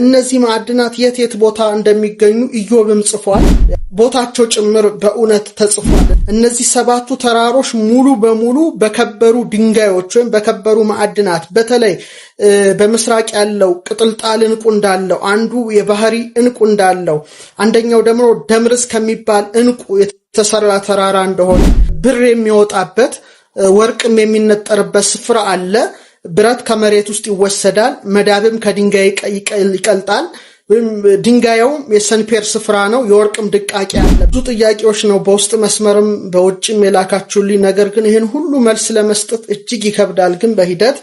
እነዚህ ማዕድናት የት የት ቦታ እንደሚገኙ ኢዮብም ጽፏል። ቦታቸው ጭምር በእውነት ተጽፏል። እነዚህ ሰባቱ ተራሮች ሙሉ በሙሉ በከበሩ ድንጋዮች ወይም በከበሩ ማዕድናት በተለይ በምስራቅ ያለው ቅጥልጣል እንቁ እንዳለው፣ አንዱ የባህሪ እንቁ እንዳለው፣ አንደኛው ደግሞ ደምርስ ከሚባል እንቁ የተሰራ ተራራ እንደሆነ ብር የሚወጣበት ወርቅም የሚነጠርበት ስፍራ አለ። ብረት ከመሬት ውስጥ ይወሰዳል፣ መዳብም ከድንጋይ ይቀልጣል። ድንጋዩም የሰንፔር ስፍራ ነው፣ የወርቅም ድቃቄ አለ። ብዙ ጥያቄዎች ነው በውስጥ መስመርም በውጭም የላካችሁልኝ። ነገር ግን ይህን ሁሉ መልስ ለመስጠት እጅግ ይከብዳል። ግን በሂደት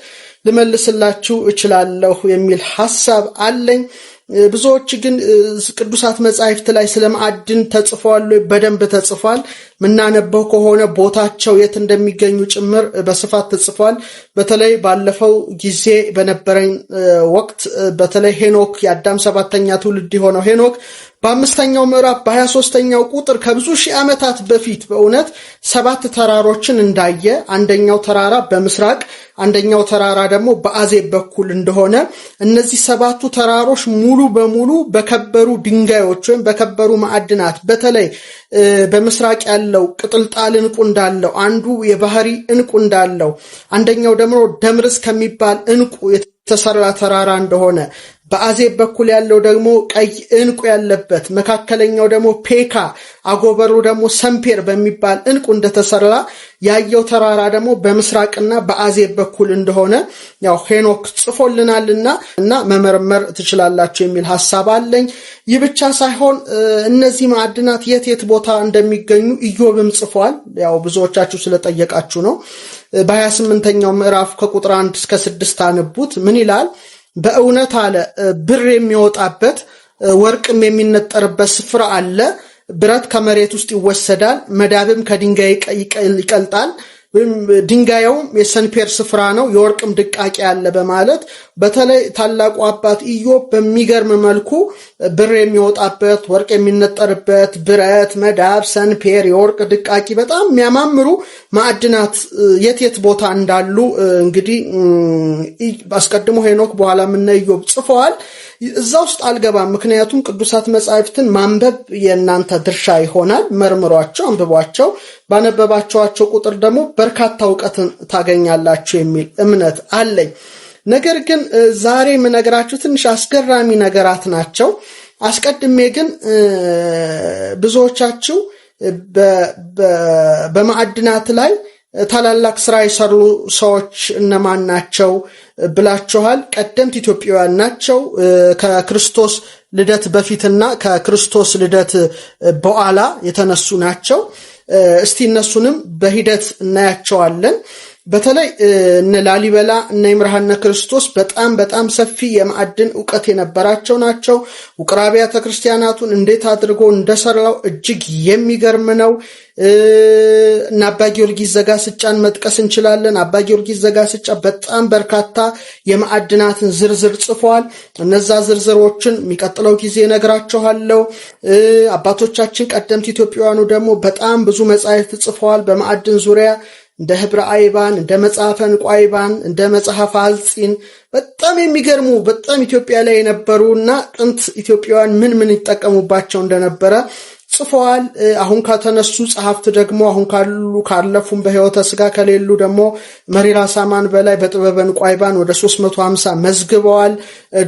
ልመልስላችሁ እችላለሁ የሚል ሐሳብ አለኝ። ብዙዎች ግን ቅዱሳት መጻሕፍት ላይ ስለ ማዕድን ተጽፏል፣ በደንብ ተጽፏል። ምናነበው ከሆነ ቦታቸው የት እንደሚገኙ ጭምር በስፋት ተጽፏል። በተለይ ባለፈው ጊዜ በነበረኝ ወቅት በተለይ ሄኖክ የአዳም ሰባተኛ ትውልድ የሆነው ሄኖክ በአምስተኛው ምዕራፍ በሀያ ሶስተኛው ቁጥር ከብዙ ሺህ ዓመታት በፊት በእውነት ሰባት ተራሮችን እንዳየ አንደኛው ተራራ በምስራቅ አንደኛው ተራራ ደግሞ በአዜብ በኩል እንደሆነ እነዚህ ሰባቱ ተራሮች ሙሉ በሙሉ በከበሩ ድንጋዮች ወይም በከበሩ ማዕድናት በተለይ በምስራቅ ያለው ቅጥልጣል እንቁ እንዳለው አንዱ የባህሪ እንቁ እንዳለው አንደኛው ደግሞ ደምርስ ከሚባል እንቁ የተሰራ ተራራ እንደሆነ በአዜብ በኩል ያለው ደግሞ ቀይ እንቁ ያለበት መካከለኛው ደግሞ ፔካ አጎበሩ ደግሞ ሰምፔር በሚባል እንቁ እንደተሰራ ያየው ተራራ ደግሞ በምስራቅና በአዜብ በኩል እንደሆነ ያው ሄኖክ ጽፎልናልና እና መመርመር ትችላላችሁ የሚል ሀሳብ አለኝ። ይህ ብቻ ሳይሆን እነዚህ ማዕድናት የት የት ቦታ እንደሚገኙ ኢዮብም ጽፏል። ያው ብዙዎቻችሁ ስለጠየቃችሁ ነው። በ28ኛው ምዕራፍ ከቁጥር አንድ እስከ ስድስት አንቡት ምን ይላል? በእውነት አለ ብር የሚወጣበት ወርቅም የሚነጠርበት ስፍራ አለ። ብረት ከመሬት ውስጥ ይወሰዳል፣ መዳብም ከድንጋይ ይቀልጣል። ወይም ድንጋዩም የሰንፔር ስፍራ ነው የወርቅም ድቃቂ አለ በማለት በተለይ ታላቁ አባት ኢዮብ በሚገርም መልኩ ብር የሚወጣበት ወርቅ የሚነጠርበት ብረት፣ መዳብ፣ ሰንፔር፣ የወርቅ ድቃቂ በጣም የሚያማምሩ ማዕድናት የት የት ቦታ እንዳሉ እንግዲህ አስቀድሞ ሄኖክ በኋላ ምና ኢዮብ ጽፈዋል። እዛ ውስጥ አልገባም። ምክንያቱም ቅዱሳት መጻሕፍትን ማንበብ የእናንተ ድርሻ ይሆናል። መርምሯቸው፣ አንብቧቸው። ባነበባቸዋቸው ቁጥር ደግሞ በርካታ እውቀትን ታገኛላችሁ የሚል እምነት አለኝ። ነገር ግን ዛሬ የምነግራችሁ ትንሽ አስገራሚ ነገራት ናቸው። አስቀድሜ ግን ብዙዎቻችሁ በማዕድናት ላይ ታላላቅ ስራ የሰሩ ሰዎች እነማን ናቸው ብላችኋል። ቀደምት ኢትዮጵያውያን ናቸው። ከክርስቶስ ልደት በፊትና ከክርስቶስ ልደት በኋላ የተነሱ ናቸው። እስቲ እነሱንም በሂደት እናያቸዋለን። በተለይ እነ ላሊበላ እነ ይምርሃነ ክርስቶስ በጣም በጣም ሰፊ የማዕድን እውቀት የነበራቸው ናቸው። ውቅር አብያተ ክርስቲያናቱን እንዴት አድርጎ እንደሰራው እጅግ የሚገርም ነው እና አባ ጊዮርጊስ ዘጋስጫን መጥቀስ እንችላለን። አባ ጊዮርጊስ ዘጋስጫ በጣም በርካታ የማዕድናትን ዝርዝር ጽፏል። እነዛ ዝርዝሮችን የሚቀጥለው ጊዜ እነግራችኋለሁ። አባቶቻችን ቀደምት ኢትዮጵያውያኑ ደግሞ በጣም ብዙ መጻሕፍት ጽፈዋል በማዕድን ዙሪያ እንደ ህብረ አይባን፣ እንደ መጽሐፈ እንቋ እንደ መጽሐፈ አልፂን በጣም የሚገርሙ በጣም ኢትዮጵያ ላይ የነበሩ እና ጥንት ኢትዮጵያውያን ምን ምን ይጠቀሙባቸው እንደነበረ ጽፈዋል። አሁን ከተነሱ ጸሐፍት ደግሞ አሁን ካሉ ካለፉም በህይወተ ስጋ ከሌሉ ደግሞ መሪራ ሳማን በላይ በጥበበ እንቋ ወደ 350 መዝግበዋል።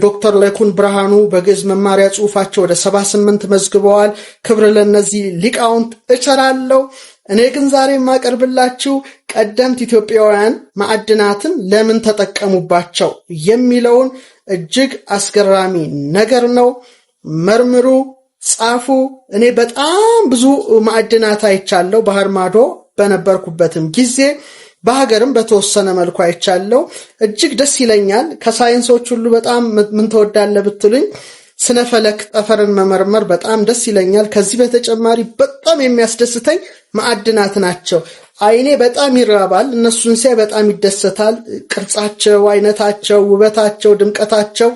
ዶክተር ለኩን ብርሃኑ በግዕዝ መማሪያ ጽሁፋቸው ወደ 78 መዝግበዋል። ክብር ለእነዚህ ሊቃውንት እቸራለሁ። እኔ ግን ዛሬ የማቀርብላችሁ ቀደምት ኢትዮጵያውያን ማዕድናትን ለምን ተጠቀሙባቸው የሚለውን እጅግ አስገራሚ ነገር ነው። መርምሩ፣ ጻፉ። እኔ በጣም ብዙ ማዕድናት አይቻለሁ። ባህር ማዶ በነበርኩበትም ጊዜ በሀገርም በተወሰነ መልኩ አይቻለሁ። እጅግ ደስ ይለኛል። ከሳይንሶች ሁሉ በጣም ምን ተወዳለ ብትሉኝ ስነፈለክ ጠፈርን መመርመር በጣም ደስ ይለኛል። ከዚህ በተጨማሪ በጣም የሚያስደስተኝ ማዕድናት ናቸው። አይኔ በጣም ይራባል፣ እነሱን ሲያይ በጣም ይደሰታል። ቅርጻቸው፣ አይነታቸው፣ ውበታቸው፣ ድምቀታቸው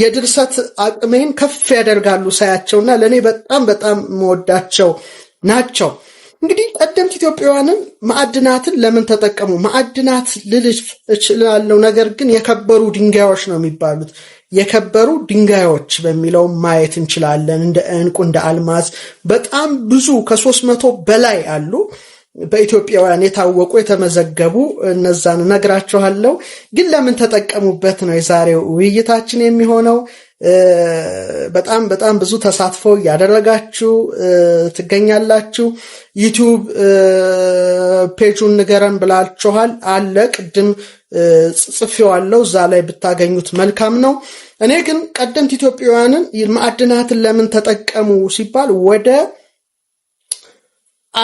የድርሰት አቅሜን ከፍ ያደርጋሉ ሳያቸውና ለእኔ በጣም በጣም መወዳቸው ናቸው። እንግዲህ ቀደምት ኢትዮጵያውያንም ማዕድናትን ለምን ተጠቀሙ? ማዕድናት ልል እችላለሁ፣ ነገር ግን የከበሩ ድንጋዮች ነው የሚባሉት የከበሩ ድንጋዮች በሚለው ማየት እንችላለን። እንደ እንቁ እንደ አልማዝ በጣም ብዙ ከሶስት መቶ በላይ አሉ። በኢትዮጵያውያን የታወቁ የተመዘገቡ እነዛን እነግራችኋለሁ። ግን ለምን ተጠቀሙበት ነው የዛሬው ውይይታችን የሚሆነው። በጣም በጣም ብዙ ተሳትፎ እያደረጋችሁ ትገኛላችሁ። ዩቲዩብ ፔጁን ንገረን ብላችኋል። አለ ቅድም ጽፌዋለሁ። እዛ ላይ ብታገኙት መልካም ነው። እኔ ግን ቀደምት ኢትዮጵያውያንን ማዕድናትን ለምን ተጠቀሙ ሲባል ወደ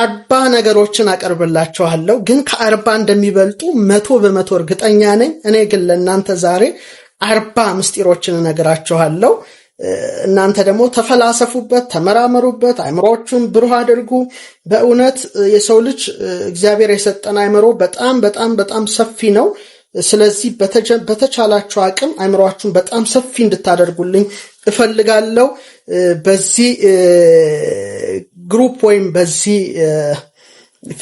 አርባ ነገሮችን አቀርብላችኋለሁ። ግን ከአርባ እንደሚበልጡ መቶ በመቶ እርግጠኛ ነኝ። እኔ ግን ለእናንተ ዛሬ አርባ ምስጢሮችን እነግራችኋለሁ። እናንተ ደግሞ ተፈላሰፉበት፣ ተመራመሩበት፣ አይምሮዎቹን ብሩህ አድርጉ። በእውነት የሰው ልጅ እግዚአብሔር የሰጠን አእምሮ በጣም በጣም በጣም ሰፊ ነው። ስለዚህ በተቻላችሁ አቅም አእምሯችሁን በጣም ሰፊ እንድታደርጉልኝ እፈልጋለሁ። በዚህ ግሩፕ ወይም በዚህ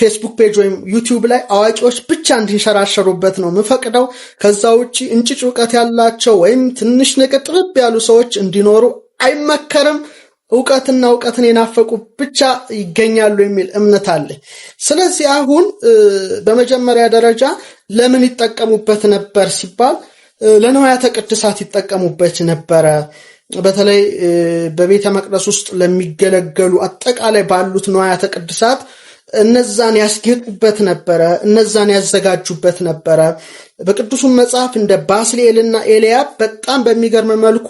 ፌስቡክ ፔጅ ወይም ዩቲዩብ ላይ አዋቂዎች ብቻ እንዲንሸራሸሩበት ነው የምፈቅደው። ከዛ ውጭ እንጭጭ እውቀት ያላቸው ወይም ትንሽ ነገር ጥብብ ያሉ ሰዎች እንዲኖሩ አይመከርም። እውቀትና እውቀትን የናፈቁ ብቻ ይገኛሉ የሚል እምነት አለ። ስለዚህ አሁን በመጀመሪያ ደረጃ ለምን ይጠቀሙበት ነበር ሲባል ለንዋያተ ቅድሳት ይጠቀሙበት ነበረ። በተለይ በቤተ መቅደስ ውስጥ ለሚገለገሉ አጠቃላይ ባሉት ንዋያተ ቅድሳት እነዛን ያስጌጡበት ነበረ፣ እነዛን ያዘጋጁበት ነበረ። በቅዱሱን መጽሐፍ እንደ ባስልኤልና ኤልያብ በጣም በሚገርም መልኩ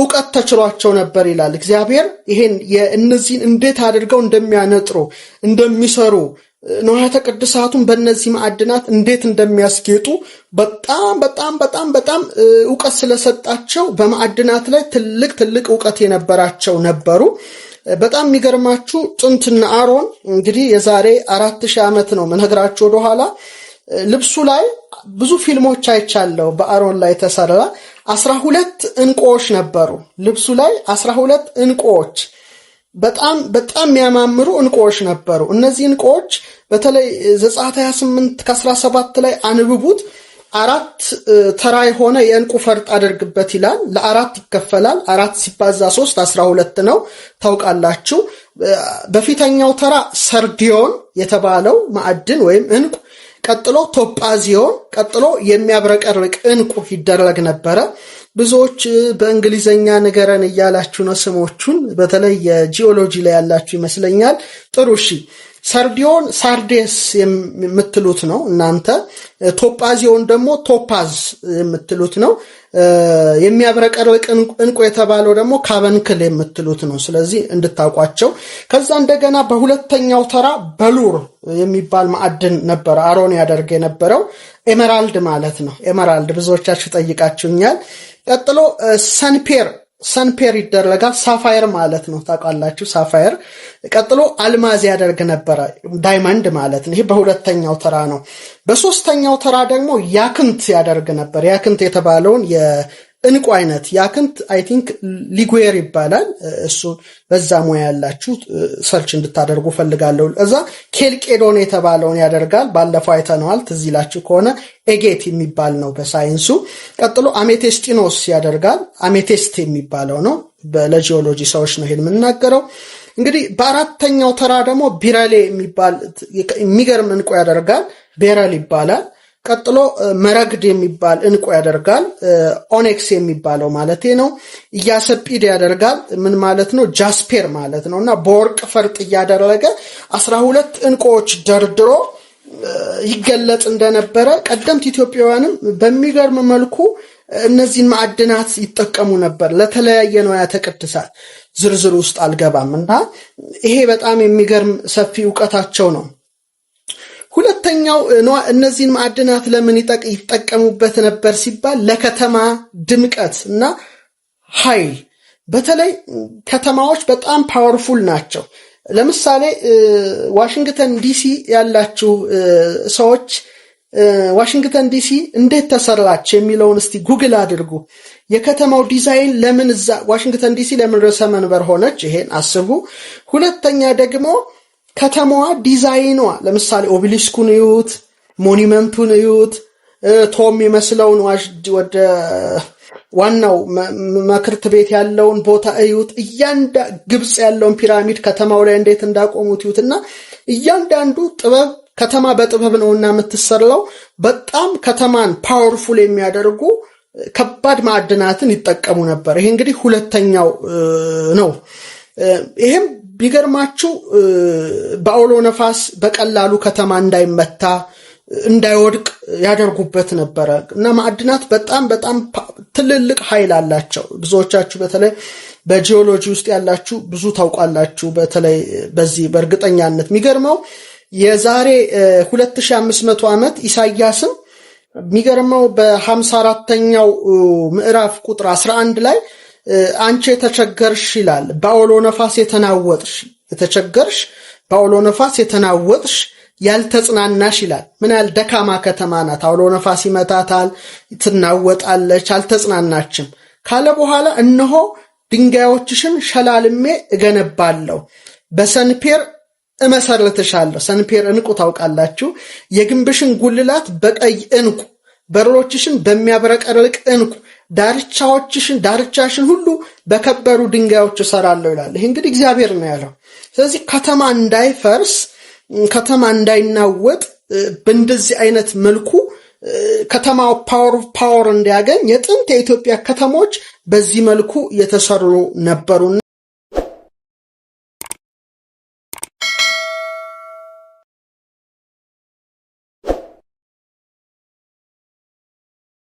እውቀት ተችሏቸው ነበር ይላል እግዚአብሔር። ይሄን የእነዚህን እንዴት አድርገው እንደሚያነጥሩ እንደሚሰሩ ንዋያተ ቅድሳቱን በእነዚህ ማዕድናት እንዴት እንደሚያስጌጡ በጣም በጣም በጣም በጣም እውቀት ስለሰጣቸው በማዕድናት ላይ ትልቅ ትልቅ እውቀት የነበራቸው ነበሩ። በጣም የሚገርማችሁ ጥንትና አሮን እንግዲህ የዛሬ አራት ሺህ ዓመት ነው መነግራችሁ ወደኋላ ልብሱ ላይ ብዙ ፊልሞች አይቻለሁ። በአሮን ላይ ተሰራ አስራ ሁለት እንቁዎች ነበሩ ልብሱ ላይ አስራ ሁለት እንቁዎች በጣም በጣም የሚያማምሩ እንቁዎች ነበሩ። እነዚህ እንቁዎች በተለይ ዘጸአት 28 ከ17 ላይ አንብቡት። አራት ተራ የሆነ የእንቁ ፈርጥ አድርግበት ይላል። ለአራት ይከፈላል። አራት ሲባዛ ሶስት አስራ ሁለት ነው ታውቃላችሁ። በፊተኛው ተራ ሰርዲዮን የተባለው ማዕድን ወይም እንቁ፣ ቀጥሎ ቶጳዚዮን፣ ቀጥሎ የሚያብረቀርቅ እንቁ ይደረግ ነበረ። ብዙዎች በእንግሊዘኛ ንገረን እያላችሁ ነው ስሞቹን። በተለይ የጂኦሎጂ ላይ ያላችሁ ይመስለኛል። ጥሩ እሺ ሰርዲዮን ሳርዴስ የምትሉት ነው እናንተ። ቶጳዚዮን ደግሞ ቶፓዝ የምትሉት ነው። የሚያብረቀርቅ እንቁ የተባለው ደግሞ ካበንክል የምትሉት ነው። ስለዚህ እንድታውቋቸው። ከዛ እንደገና በሁለተኛው ተራ በሉር የሚባል ማዕድን ነበረ አሮን ያደርግ የነበረው ኤመራልድ ማለት ነው። ኤመራልድ ብዙዎቻችሁ ጠይቃችሁኛል። ቀጥሎ ሰንፔር ሰንፔር ይደረጋል። ሳፋየር ማለት ነው ታውቃላችሁ። ሳፋየር ቀጥሎ አልማዝ ያደርግ ነበረ፣ ዳይመንድ ማለት ነው። ይሄ በሁለተኛው ተራ ነው። በሶስተኛው ተራ ደግሞ ያክንት ያደርግ ነበር። ያክንት የተባለውን እንቁ አይነት የአክንት አይ ቲንክ ሊጉዌር ይባላል። እሱ በዛ ሙያ ያላችሁ ሰርች እንድታደርጉ ፈልጋለሁ። እዛ ኬልቄዶን የተባለውን ያደርጋል። ባለፈው አይተነዋል፣ ትዝ ይላችሁ ከሆነ ኤጌት የሚባል ነው በሳይንሱ። ቀጥሎ አሜቴስቲኖስ ያደርጋል። አሜቴስት የሚባለው ነው። ለጂኦሎጂ ሰዎች ነው ይሄን የምናገረው። እንግዲህ በአራተኛው ተራ ደግሞ ቢረሌ የሚባል የሚገርም እንቁ ያደርጋል። ቤረል ይባላል። ቀጥሎ መረግድ የሚባል እንቁ ያደርጋል። ኦኔክስ የሚባለው ማለቴ ነው። እያሰጲድ ያደርጋል። ምን ማለት ነው? ጃስፔር ማለት ነው። እና በወርቅ ፈርጥ እያደረገ አስራ ሁለት እንቁዎች ደርድሮ ይገለጥ እንደነበረ ቀደምት ኢትዮጵያውያንም በሚገርም መልኩ እነዚህን ማዕድናት ይጠቀሙ ነበር። ለተለያየ ንዋያተ ቅድሳት ዝርዝር ውስጥ አልገባም እና ይሄ በጣም የሚገርም ሰፊ እውቀታቸው ነው። ሁለተኛው እነዚህን ማዕድናት ለምን ይጠቀሙበት ነበር ሲባል ለከተማ ድምቀት እና ኃይል። በተለይ ከተማዎች በጣም ፓወርፉል ናቸው። ለምሳሌ ዋሽንግተን ዲሲ ያላችሁ ሰዎች ዋሽንግተን ዲሲ እንዴት ተሰራች የሚለውን እስቲ ጉግል አድርጉ። የከተማው ዲዛይን ለምን እዛ ዋሽንግተን ዲሲ ለምን ርዕሰ መንበር ሆነች? ይሄን አስቡ። ሁለተኛ ደግሞ ከተማዋ ዲዛይኗ ለምሳሌ ኦቤሊስኩን እዩት፣ ሞኒመንቱን እዩት፣ ቶም ዋሽድ ወደ ዋናው መክርት ቤት ያለውን ቦታ እዩት። እያንዳ ግብፅ ያለውን ፒራሚድ ከተማው ላይ እንዴት እንዳቆሙት እዩት እና እያንዳንዱ ጥበብ ከተማ በጥበብ ነውና የምትሰራው በጣም ከተማን ፓወርፉል የሚያደርጉ ከባድ ማዕድናትን ይጠቀሙ ነበር። ይሄ እንግዲህ ሁለተኛው ነው። ይሄም ቢገርማችሁ በአውሎ ነፋስ በቀላሉ ከተማ እንዳይመታ እንዳይወድቅ ያደርጉበት ነበረ እና ማዕድናት በጣም በጣም ትልልቅ ኃይል አላቸው። ብዙዎቻችሁ በተለይ በጂኦሎጂ ውስጥ ያላችሁ ብዙ ታውቃላችሁ። በተለይ በዚህ በእርግጠኛነት የሚገርመው የዛሬ 2500 ዓመት ኢሳያስም የሚገርመው በ54ተኛው ምዕራፍ ቁጥር 11 ላይ አንቺ የተቸገርሽ ይላል። በአውሎ ነፋስ የተናወጥሽ የተቸገርሽ በአውሎ ነፋስ የተናወጥሽ ያልተጽናናሽ ይላል። ምን ያህል ደካማ ከተማ ናት! አውሎ ነፋስ ይመታታል፣ ትናወጣለች፣ አልተጽናናችም ካለ በኋላ እነሆ ድንጋዮችሽን ሸላልሜ እገነባለሁ፣ በሰንፔር እመሰርትሻለሁ። ሰንፔር እንቁ ታውቃላችሁ። የግንብሽን ጉልላት በቀይ እንቁ በሮችሽን በሚያብረቀርቅ እንቁ ዳርቻዎችሽን ዳርቻሽን ሁሉ በከበሩ ድንጋዮች እሰራለሁ ይላል። ይህ እንግዲህ እግዚአብሔር ነው ያለው። ስለዚህ ከተማ እንዳይፈርስ፣ ከተማ እንዳይናወጥ በእንደዚህ አይነት መልኩ ከተማው ፓወር ፓወር እንዲያገኝ የጥንት የኢትዮጵያ ከተሞች በዚህ መልኩ የተሰሩ ነበሩ።